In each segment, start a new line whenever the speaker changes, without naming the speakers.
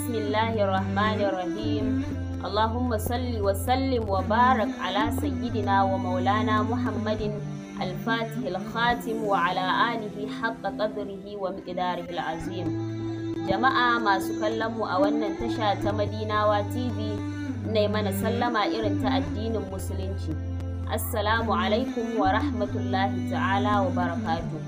بسم الله الرحمن الرحيم اللهم صل وسلم وبارك على سيدنا ومولانا محمد الفاتح الخاتم وعلى آله حق قدره ومقداره العظيم جماعة ما سكلم أولا تشا تمدينا وتيفي نيمان سلم إرن الدين المسلمين السلام عليكم ورحمة الله تعالى وبركاته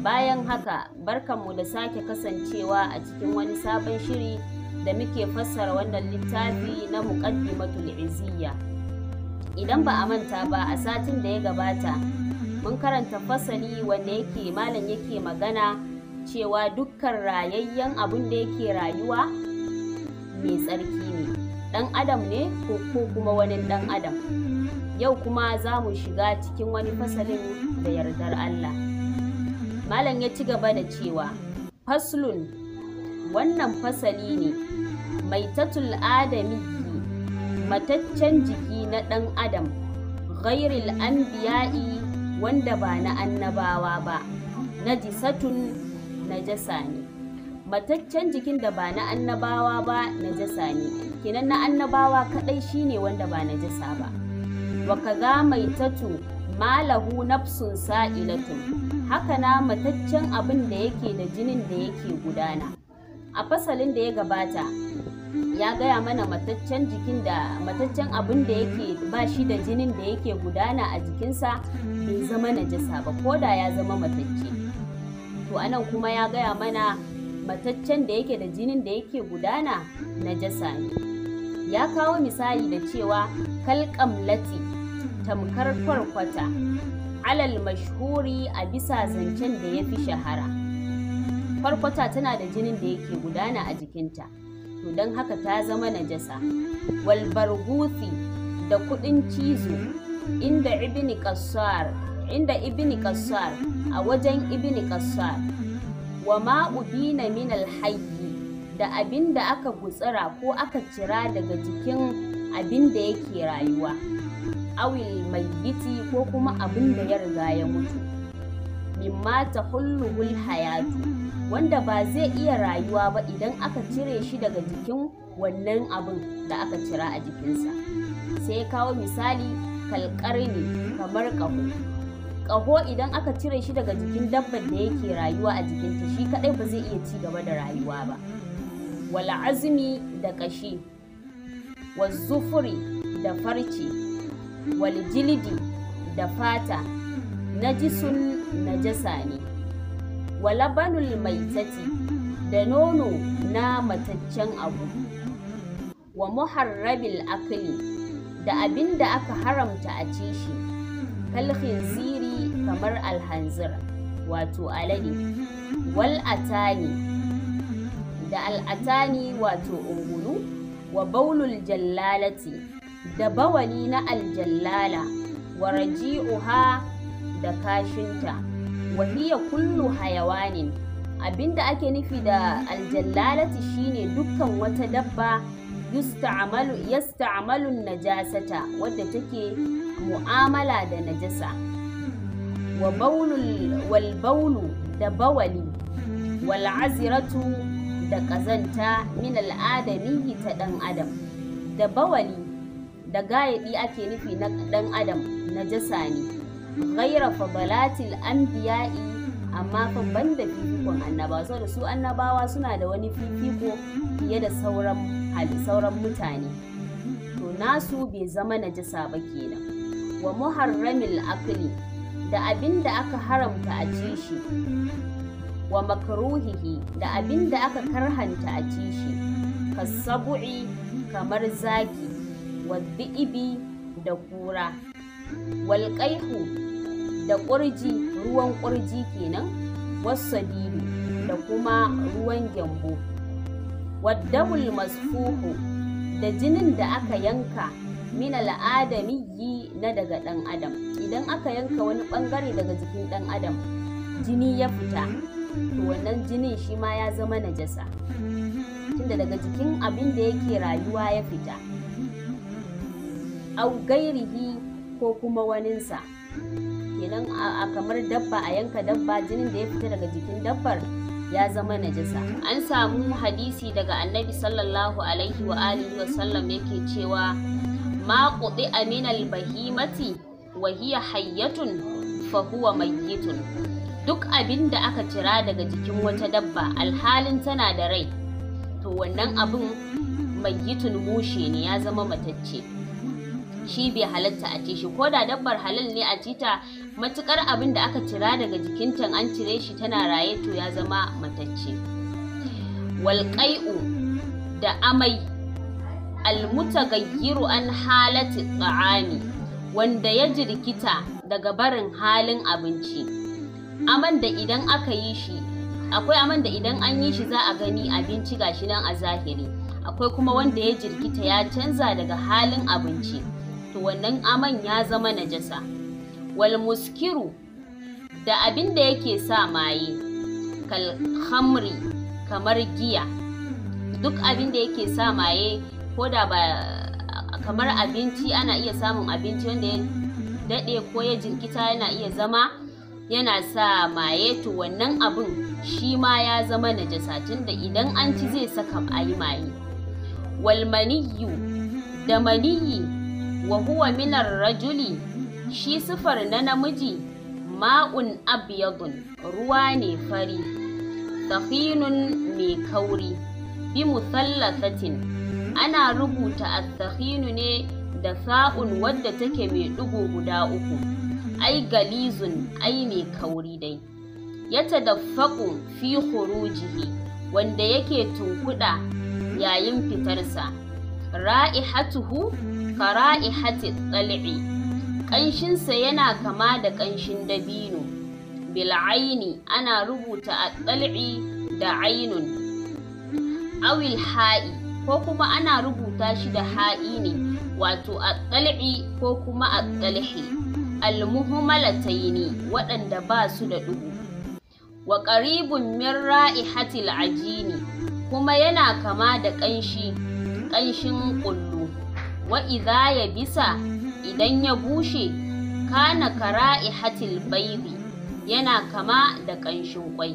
Bayan haka, barkanmu da sake kasancewa a cikin wani sabon shiri da muke fassara wannan littafi na muqaddimatul iziyya. Idan ba a manta ba a satin da ya gabata, mun karanta fasali wanda yake malam yake magana cewa dukkan rayayyen abun da yake rayuwa mai tsarki ne. Ɗan adam ne ko kuma wani ɗan adam. Yau kuma za mu shiga cikin wani fasalin da yardar Allah. malam ya ci gaba da cewa faslun wannan fasali ne mai tatul adami mataccen jiki na ɗan adam ghairil anbiya'i wanda ba na annabawa ba Na na najasa ne mataccen jikin da ba na annabawa ba najasa ne kinan na annabawa kadai ne wanda ba najasa ba Waka za mai tatu malahu nafsun sa'ilatun haka na mataccen abin da yake da jinin da yake gudana a fasalin da ya gabata ya gaya mana mataccen jikin da mataccen abin da yake ba shi da jinin da yake gudana a jikinsa bai zama najasa ba ko da ya zama matacce to anan kuma ya gaya mana mataccen da yake da jinin da yake gudana najasa ne ya kawo misali da cewa lati tamkar kwarkwata alal mashhuri a bisa zancen da ya fi shahara farkwata tana da jinin da yake gudana a jikinta to don haka ta zama najasa walbarguthi da kudin cizo inda ibni kassar inda ibini kassar a wajen ibni kassar wa ma'ubina minal alhayyi da abin da aka gutsira ko aka cira daga jikin abin da yake rayuwa awil mai giti ko kuma abin da ya riga ya mutu mimma ta hulluhul hayatu wanda ba zai iya rayuwa ba idan aka cire shi daga jikin wannan abin da aka cira a jikinsa sai kawo misali kalkarni kamar ƙaho ƙaho idan aka cire shi daga jikin dabban da yake rayuwa a jikinta shi kaɗai ba zai iya ci gaba da rayuwa ba wala azumi da ƙashi wa zufuri da farce Waljilidi da fata najisun najasa ne walabanul maitati da nono na mataccen abu wa muharrabil akli da abin da aka haramta a ci shi ziri kamar alhanzir wato alade wal atani da al'atani wato ungulu wa baulul jallalati da bawali na aljallala wa raji'uha da kashinta wa hiya kullu hayawanin abinda ake nufi da aljallalati shine dukkan wata dabba yusta'malu yasta'malu najasata wadda take mu'amala da najasa wa wal baulu da bawali wal aziratu da kazanta min al'adami ta dan adam da bawali da gayadi ake nufi na ɗan adam na jasa ne ghaira balatil anbiya'i amma fa banda fifikon annabawa da su annabawa suna da wani fifiko fiye da sauran sauran mutane to nasu bai zama najasa ba kenan wa muharramil akli da abin da aka haramta a ci shi wa makruhihi da abin da aka karhanta a ci shi kasabu'i kamar zaki waddi'ibi da kura walƙaihu da ƙurji ruwan ƙurji kenan wasadini da kuma ruwan gyambo wadabul masfuhu da jinin da aka yanka min yi na daga ɗan adam idan aka yanka wani ɓangare daga jikin ɗan adam jini ya fita to wannan jinin shi ma ya zama najasa tunda daga jikin abin da yake rayuwa ya fita au gairihi ko kuma waninsa kenan a kamar dabba a yanka dabba jinin da ya fita daga jikin dabbar ya zama najasa an samu hadisi daga annabi sallallahu alaihi wa alihi wa sallam yake cewa ma qudi aminal bahimati wa hiya hayyatun fa huwa mayyitun duk abin da aka cira daga jikin wata dabba alhalin tana da rai to wannan abin mayyitun mushe ne ya zama matacce shi bai halatta a ci shi ko da dabbar halal ne a ci ta matukar abin da aka cira daga jikinta an cire shi tana raye to ya zama matacce walƙai'u da amai almutagayyiru an halati tsa'ami wanda ya jirkita daga barin halin abinci aman da idan aka yi shi akwai aman da idan an yi shi za a gani abinci gashi nan a zahiri akwai kuma wanda ya jirkita ya canza daga halin abinci to wannan aman ya zama najasa wal muskiru da abin da yake sa maye kal khamri kamar giya duk abin da yake sa maye ko da ba kamar abinci ana iya samun abinci wanda ya daɗe ko ya jirkita yana iya zama yana sa maye to wannan abin shi ma ya zama najasa da idan an ci zai saka ayi maye walmaniyu da maniyi wa huwa minar rajuli shi sifar na namiji ma'un abyadun ruwa ne fari safinun mai kauri bi musallasatin ana rubuta a tafinu ne da sa'un wadda take mai ɗigo guda uku ai galizun ai mai kauri dai ya tadaffaku fi khurujihi wanda yake tunkuɗa yayin fitarsa ra'ihatuhu kara'ihati tsal'i ƙanshinsa yana kama da ƙanshin dabino bil'aini ana rubuta a tsali'i da ainun awil ha'i ko kuma ana rubuta shi da ha'i ne wato a tsali'i ko kuma a tsalhi almuhumalataini waɗanda ba su da ɗugu wa ƙaribun min ra'ihatil ajini kuma yana kama da ƙanshi ƙanshin ƙullu wa ya bisa idan ya bushe kana kara'ihatil baydi yana kama da ƙanshin kwai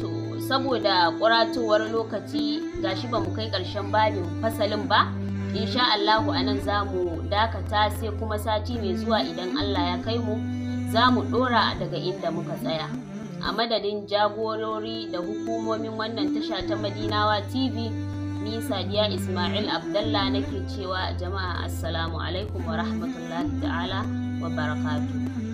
to saboda ƙuratowar lokaci gashi ba mu kai ƙarshen babin fasalin ba insha Allahu anan za mu dakata sai kuma sati mai zuwa idan Allah ya kai mu za mu ɗora daga inda muka tsaya a madadin jagorori da hukumomin wannan tasha ta madinawa tv ni sadiya ismail abdallah nake cewa jama'a assalamu alaikum wa rahmatullahi ta'ala wa barakatuh